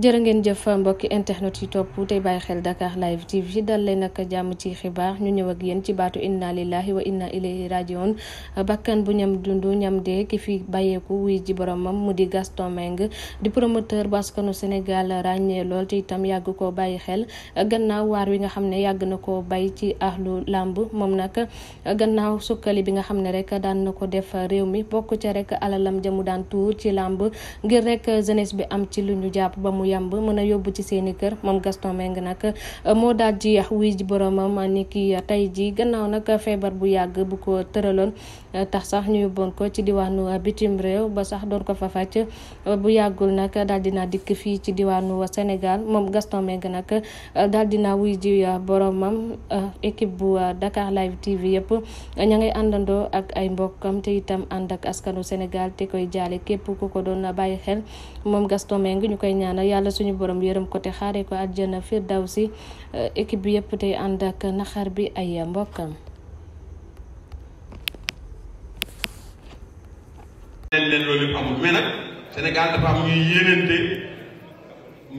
jërë ngeen jëf mbokki internet yi topp tey bàyyi xel Dakar live TV dal leen ak jàmm ci xibaar ñu ñëw ak yéen ci baatu inna lillahi wa inna ilayhi rajiun bakkan bu ñam dund ñam dee ki fi bàyyeeku wuy ji boromam mu di Gaston Mbengue di promoteur bu askanu Sénégal ràññee lool te itam yàgg koo bàyyi xel gannaaw waar wi nga xam ne yàgg na koo bay ci ahlu làmb moom nag gannaaw sukkali bi nga xam ne rek daan na ko def réew mi bokk ca rek alalam jamu daan tuur ci làmb ngir rek jeunesse bi am ci lu ñu jàpp ba mu mu yàmb mën a yóbbu ci seeni kër moom Gaston Mbengue nag euh, moo daal ji wuy ji boromam euh, ni ki euh, tey ji gannaaw nag feebar bu yàgg bu ko tëraloon tax sax ñu yóbboon ko ci diwaanu bitim réew ba sax doon ko fa fàcc bu yàggul nag daal dina dikk fii ci diwaanu senegal moom Gaston Mbengue nag daal dina wuy ji boromam équipe bu Dakar Live TV yëpp ña ngay àndandoo ak ay mbokkam te itam ànd ak askanu Sénégal te koy jaale képp ku ko doon bàyyi xel moom Gaston Mbengue yàlla suñu borom yërëm ko te xaaree ko àjjana firdawsi eh, équipe bi yëpp tey ànd ak naxar bi ay mbokkam leen Sénégal dafa am ñuy yéenante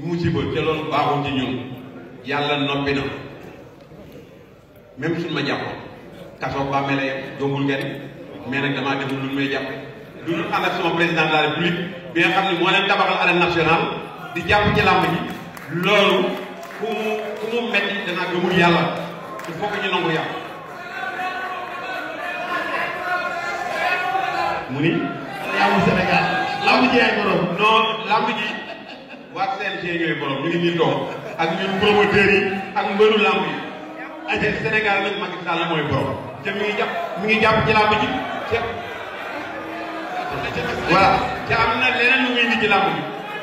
musiba te loolu baaxul ci ñun yàlla noppi na même suñ ma jàppoon kaso bàmmeele jombul ngeen mais nag damaa def lu may jàppe lu dul ànd ak président de la république xam ne moo leen tabaxal arène nationale di jàpp ci làmb ji loolu ku mu ku mu metti danaa gëmul yàlla il faut que ñu nangu mu ni yàlla Sénégal làmb ji ay borom non làmb ji waa CNG ñooy borom ñu ngi nii toog ak ñun borom te mi ngi jàpp mi ngi jàpp ci ji te voilà te am na leneen lu muy indi ci làmb ji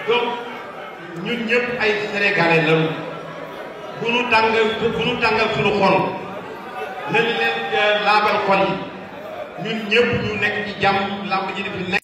donc ñun ñëpp ay sénégalais lañu bu nu tàngal bu nu tàngal leen euh, laabal xol yi ñun ñëpp ñu nekk ci jàmm làmb ji nekk